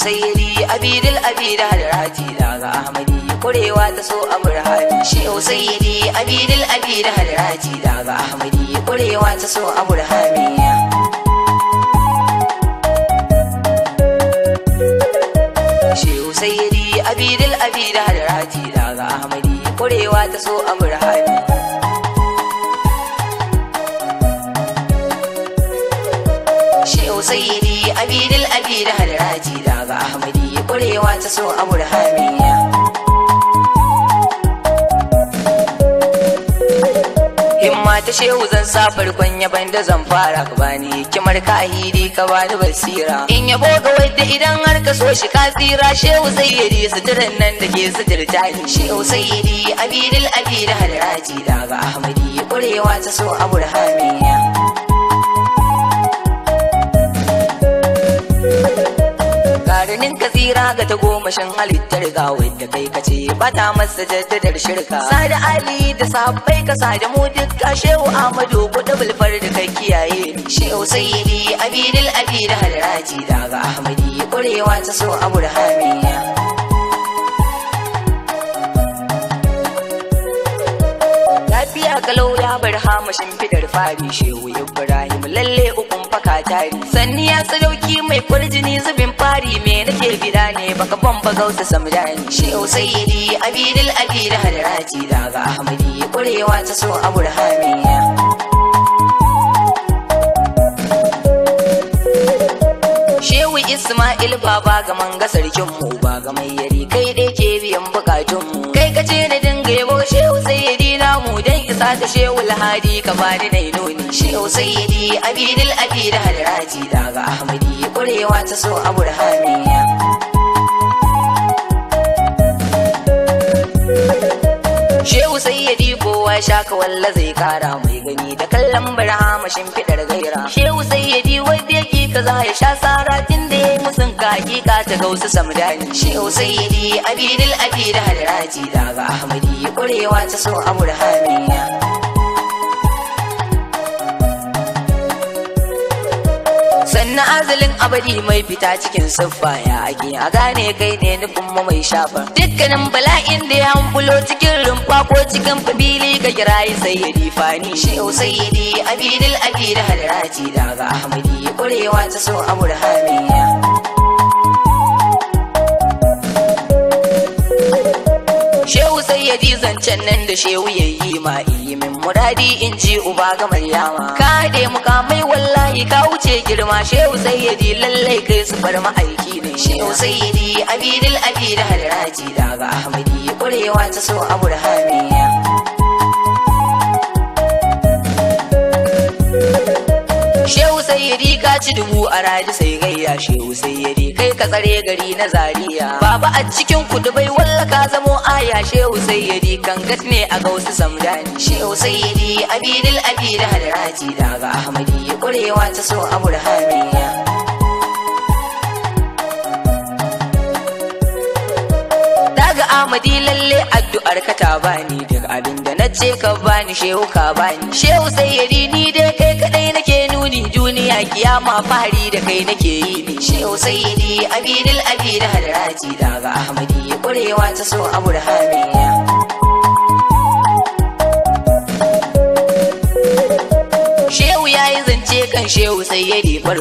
usairi Abidul abida da raji daga ahmadi kurewa ta so aburhani shi usairi Abidul abida da raji daga ahmadi kurewa ta so shi sayyidi Abidul abida da raji daga ahmadi kurewa ta so aburhani daga ahmadi kurewa ta so aburhamiya himma ta shehu zan safar farkon ban da zan fara ka bani kimar kahiri ka bani basira in yabo ga wadda idan har ka so shi ka tsira shehu yi suturan nan da ke suturta ni shehu da abidil abidil hadraji daga ahmadi kurewa ta so aburhamiya birnin ka ga ta gomashin halittar ga wadda kai ka ce bata masa jaddadar shirka sada ali da sabai ka sada mu dukka shehu amadu kuɗa bulfar da kai kiyaye shehu sayyidi abidil abidil halraji daga ahmadi kurewa ta so Aburhamiya. lafiya kalau ya bar hamashin fidar fari shehu ibrahim lalle uku tari sanni ya sadauki mai kwarjini zubin fari me nake gida ne baka bamba gausa samdani shehu sayyidi abidul abidul hadrati daga ahmadi kurewa ta so aburhamiya Shehu Ismail baba ga manga sarkin ba ga mai yari kai dai ke biyan bukatun mu ustaz shehu lahadi ni na noni shehu sayyidi abidil da hadraji daga ahmadi kurewa ta so burhaniya shehu sai ya kowa sha shaka walla zai kara mai gani da kallon barhama shimfiɗar gaira shehu sai sayyidi wai beki kaza ya sha sara tin da ya musun ka hakika ta gausu samdani shehu sayyidi abidil abidil hadrati daga ahmadi kurewa ta so a burhaniya na azalin abadi mai fita cikin siffa ya ake a gane kai ne nufin mu mai shafa dukkanin bala'in da ya hankulo cikin rumfa ko cikin fabili ga kirayi sayyidi fani shi shehu sayyidi abi da hadrati daga ahmadi kurewa ta so abu da hamiya sai ya ji zancen nan da shehu ya yi ma iyi min muradi in ji uba ga maryama ka haɗe mukamai wallahi ka wuce girma shehu sai ya ji lallai kai su bar ma'aiki ne shehu sai ya ji abidil da halraji daga ahmadi ƙwarewa ta so abu da sayyadi ka ci dubu a raji sai gayya shehu sayyadi kai ka tsare gari na zariya. baba a cikin ku dubai walla ka zamo aya shehu sayyadi kan gat ne a gausu samdani shehu sayyadi abidil abidil hadaraji daga ahmadi kurewa ta so aburhamiya daga ahmadi lalle addu'ar ka ta bani duk abin da ce ka bani shehu ka bani shehu sayyari ni dai kai kadai nake nuni duniya kiyama fari da kai nake yi ni shehu sai ni abidul abidul hadrati daga ahmadi kurewa ta so aburhamiya kan shehu sai ya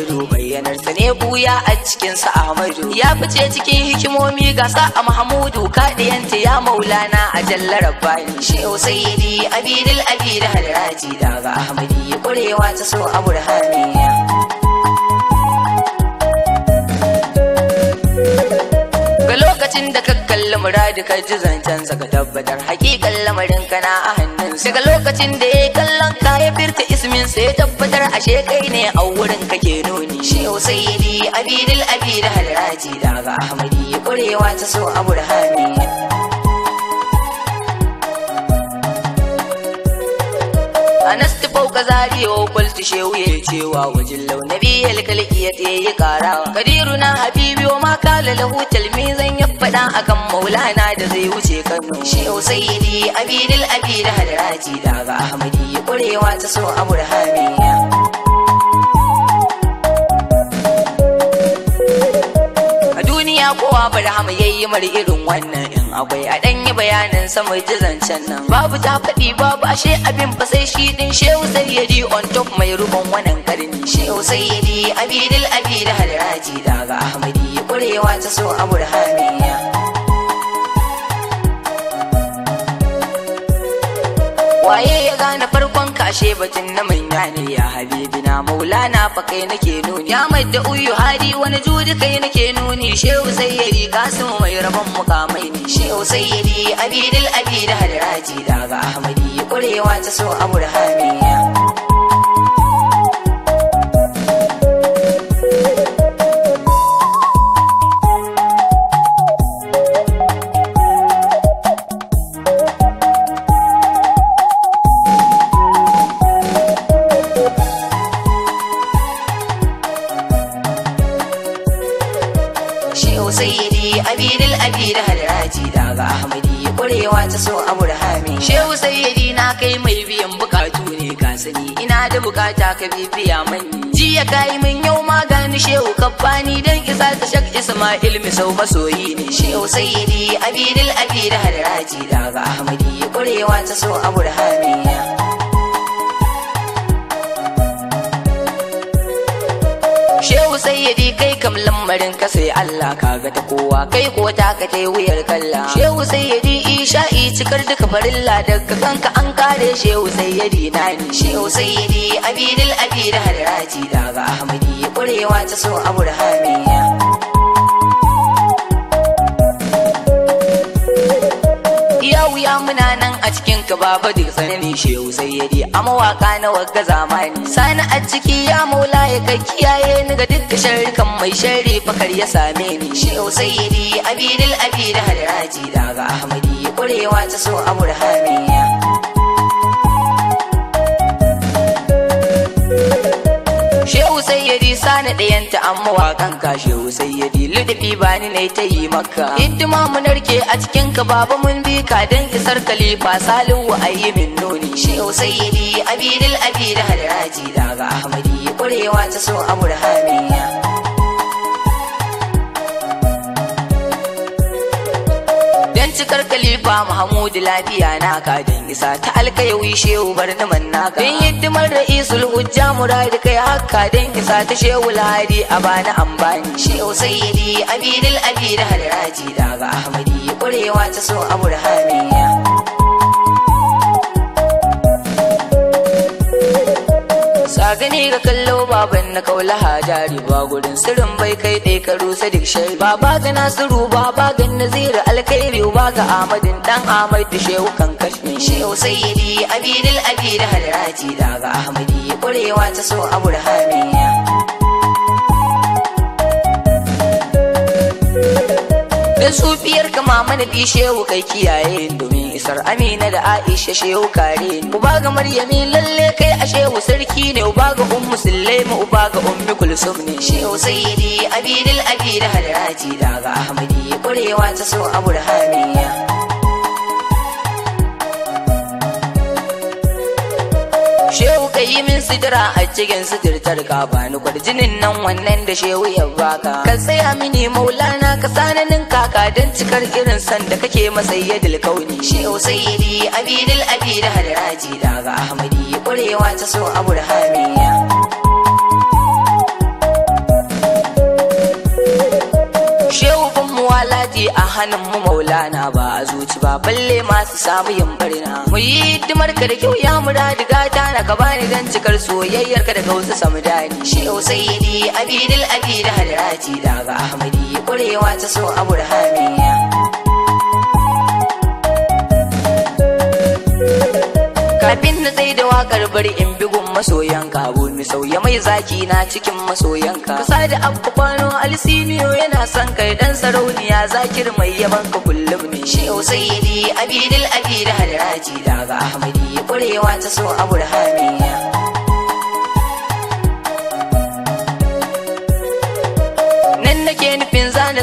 do bayyanar sa ne buya a cikin sa Ahmadu ya fice cikin hikimomi ga sa a Mahmudu Kaɗiyanta ya maulana a jalla rabbani shehu sayyidi abidul abid da daga Ahmadi kurewa ta so a burhaniya lokacin da ka muradi ka ji zancen sa ka tabbatar hakikan lamarin ka na a hannun daga lokacin da ya kallon ka ya firta ismin sa ya tabbatar ashe kai ne a wurin ka ke nuni shi sayyidi abidul abid halraji daga ahmadi kurewa ta so a anastu fauka zari wa oh, kultu shehu ya cewa wajen launabi ya iya ta ya karawa kadiru na habibi wa oh, makala lahu talmi zan ya faɗa akan maulana da zai wuce kano shehu sayyidi abidil abidil hadrati daga ahmadi kurewa ta so Aburhamiya. ina kowa barhama yayi mar irin wannan in akwai a ɗan yi bayanin sa mu zancen nan babu ta faɗi babu ashe abin ba sai shi din shehu sayyidi on top mai ruban wannan karni shehu sayyidi abidil abidil halraji daga ahmadi kurewa ta so burhaniya waye ya gane farko ashe batun na manya ne ya habibi na maulana fa kai nake nuni ya mai da uyu hadi wani juri kai nake nuni shehu sayyidi kasim mai rabon mukamai ne shehu sayyidi abidul abida hadraji daga ahmadi kurewa ta so aburhamiya abi da hadraji daga ahmadi kurewa ta so aburhami shehu sayyidi na kai mai biyan bukatu ne ka sani ina da bukata ka bibiya mani jiya kai min yau ma gani shehu kabbani dan isa ta shak isma'il mi sau masoyi ne shehu sayyidi abidul abi da hadraji daga ahmadi kurewa ta so aburhami sayyadi kai kam lamarin ka sai Allah kaga ta kowa kai ko ta ka tai wuyar kalla shehu sayyadi isha'i cikar duka farilla daga kanka an kare shehu sayyadi nani shehu sayyadi abidil abid da ga ahmadi kurewa ta so aburhamiya ya wuya muna na a cikin ka baba da tsanani shehu sayyadi a mawaka na wagga zamani sani a ciki ya mola ya ka kiyaye ni ga dukkan sharrikan mai sharri fakar ya same ni shehu sayyadi abidil abid hadraji daga ahmadi kurewa ta so aburhamiya Shehu sayyadi sani dayanta amma mawakan ka shehu sayyadi Bani ne ta yi maka hidima mu narke a cikin ka baba mun bi ka dan isar kalifa salihu ayi min noni shi sayyidi abidul abid halaji daga ahmadi kurewa ta so amurhami cikar kalifa Muhammadu lafiya na kadin isa ta alkayawi shehu bar naman naka bin hidimar ra'isul hujja muradi kai hakka din isa ta shehu ladi a bani ambani shehu sayyidi abidul abid harraji daga ahmadi kurewa ta so aburhamiya razani ga kallo baban na kaula hajari ba gurin sirin bai kai ɗai ka rusa duk shai baba ga nasiru baba ga nazira alkhairi ba ga amadin dan amai da shehu kan kashmin shehu sayyidi abidul halraji da ga ahmadi kurewa ta so aburhamiya dan sufiyar ka mama na shehu kai kiyaye domin isar amina da aisha shehu kare uba ga maryami lalle kai a shehu sarki ne uba ga ummu sulaima uba ga ummi kulsum ne shehu sayyidi abidul abid hadraji daga ahmadi kurewa ta so aburhaniya jimin min sidira a cikin sidirtar ka ni kwarjinin nan wannan da shewu ya baka ka tsaya mini maulana ka sananin kaka don cikar irin san da kake masa dil kauni shehu sayyidi abidil abidil hadraji daga ahmadi kurewa ta so Aburhami. a hannun mu maulana ba a zuci ba balle masu samu yin barna mu yi hidimar ka da kyau ya diga gata na ka bani dan cikar soyayyar ka da gausa samdani shehu sayyidi abidil da hadrati daga ahmadi kwarewa ta so ya Kafin na tsaye da wakar bari in bigun masoyanka abu mi sauya mai zaki na cikin masoyanka. Kasa da abu kwano Alisiniyo yana son kai dan sarauniya zakir mai yaban ka kullum ne. Shi Usaini Abidil Abidil ga daga Ahmadi ƙurewa ta so Aburhami.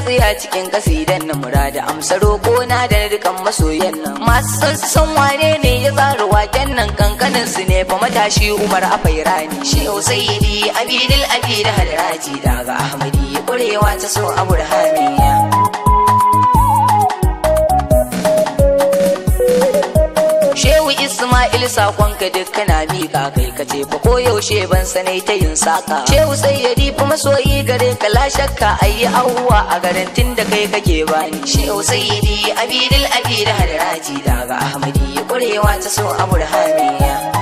tsiya cikin dan na murada amsa roko na da dukan masoyan nan masu sassan wane ne ya tsara waken nan kankanin su ne fa matashi Umar Afairani Shehu Sayyidi Abidil da Hadraji daga Ahmadi kurewa ta so Aburhamiya ka duk kana miƙa kai ka ce fa koyaushe ban sanai ta yin saka shehu sai ya difa masoyi gare ka la shakka ayi ahuwa a garin tun da kai kake bani shehu abidil abidul abidul hadraji daga ahmadi ƙurewa ta so a burhaniya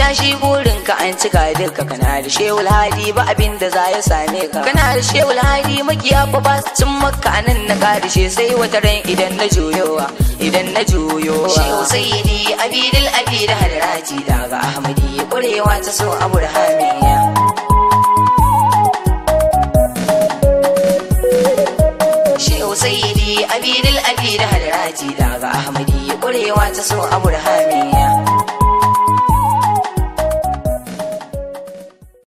tashi burin ka an cika duka kana da shewul hadi ba abin da za ya same ka kana da shewul hadi makiya fa ba sun maka nan na karshe sai wata ran idan na juyowa idan na juyowa shehu sayyidi abidul abid hadraji daga ahmadi kurewa ta so aburhamiya shehu sayyidi abidul abid hadraji daga ahmadi kurewa ta so ya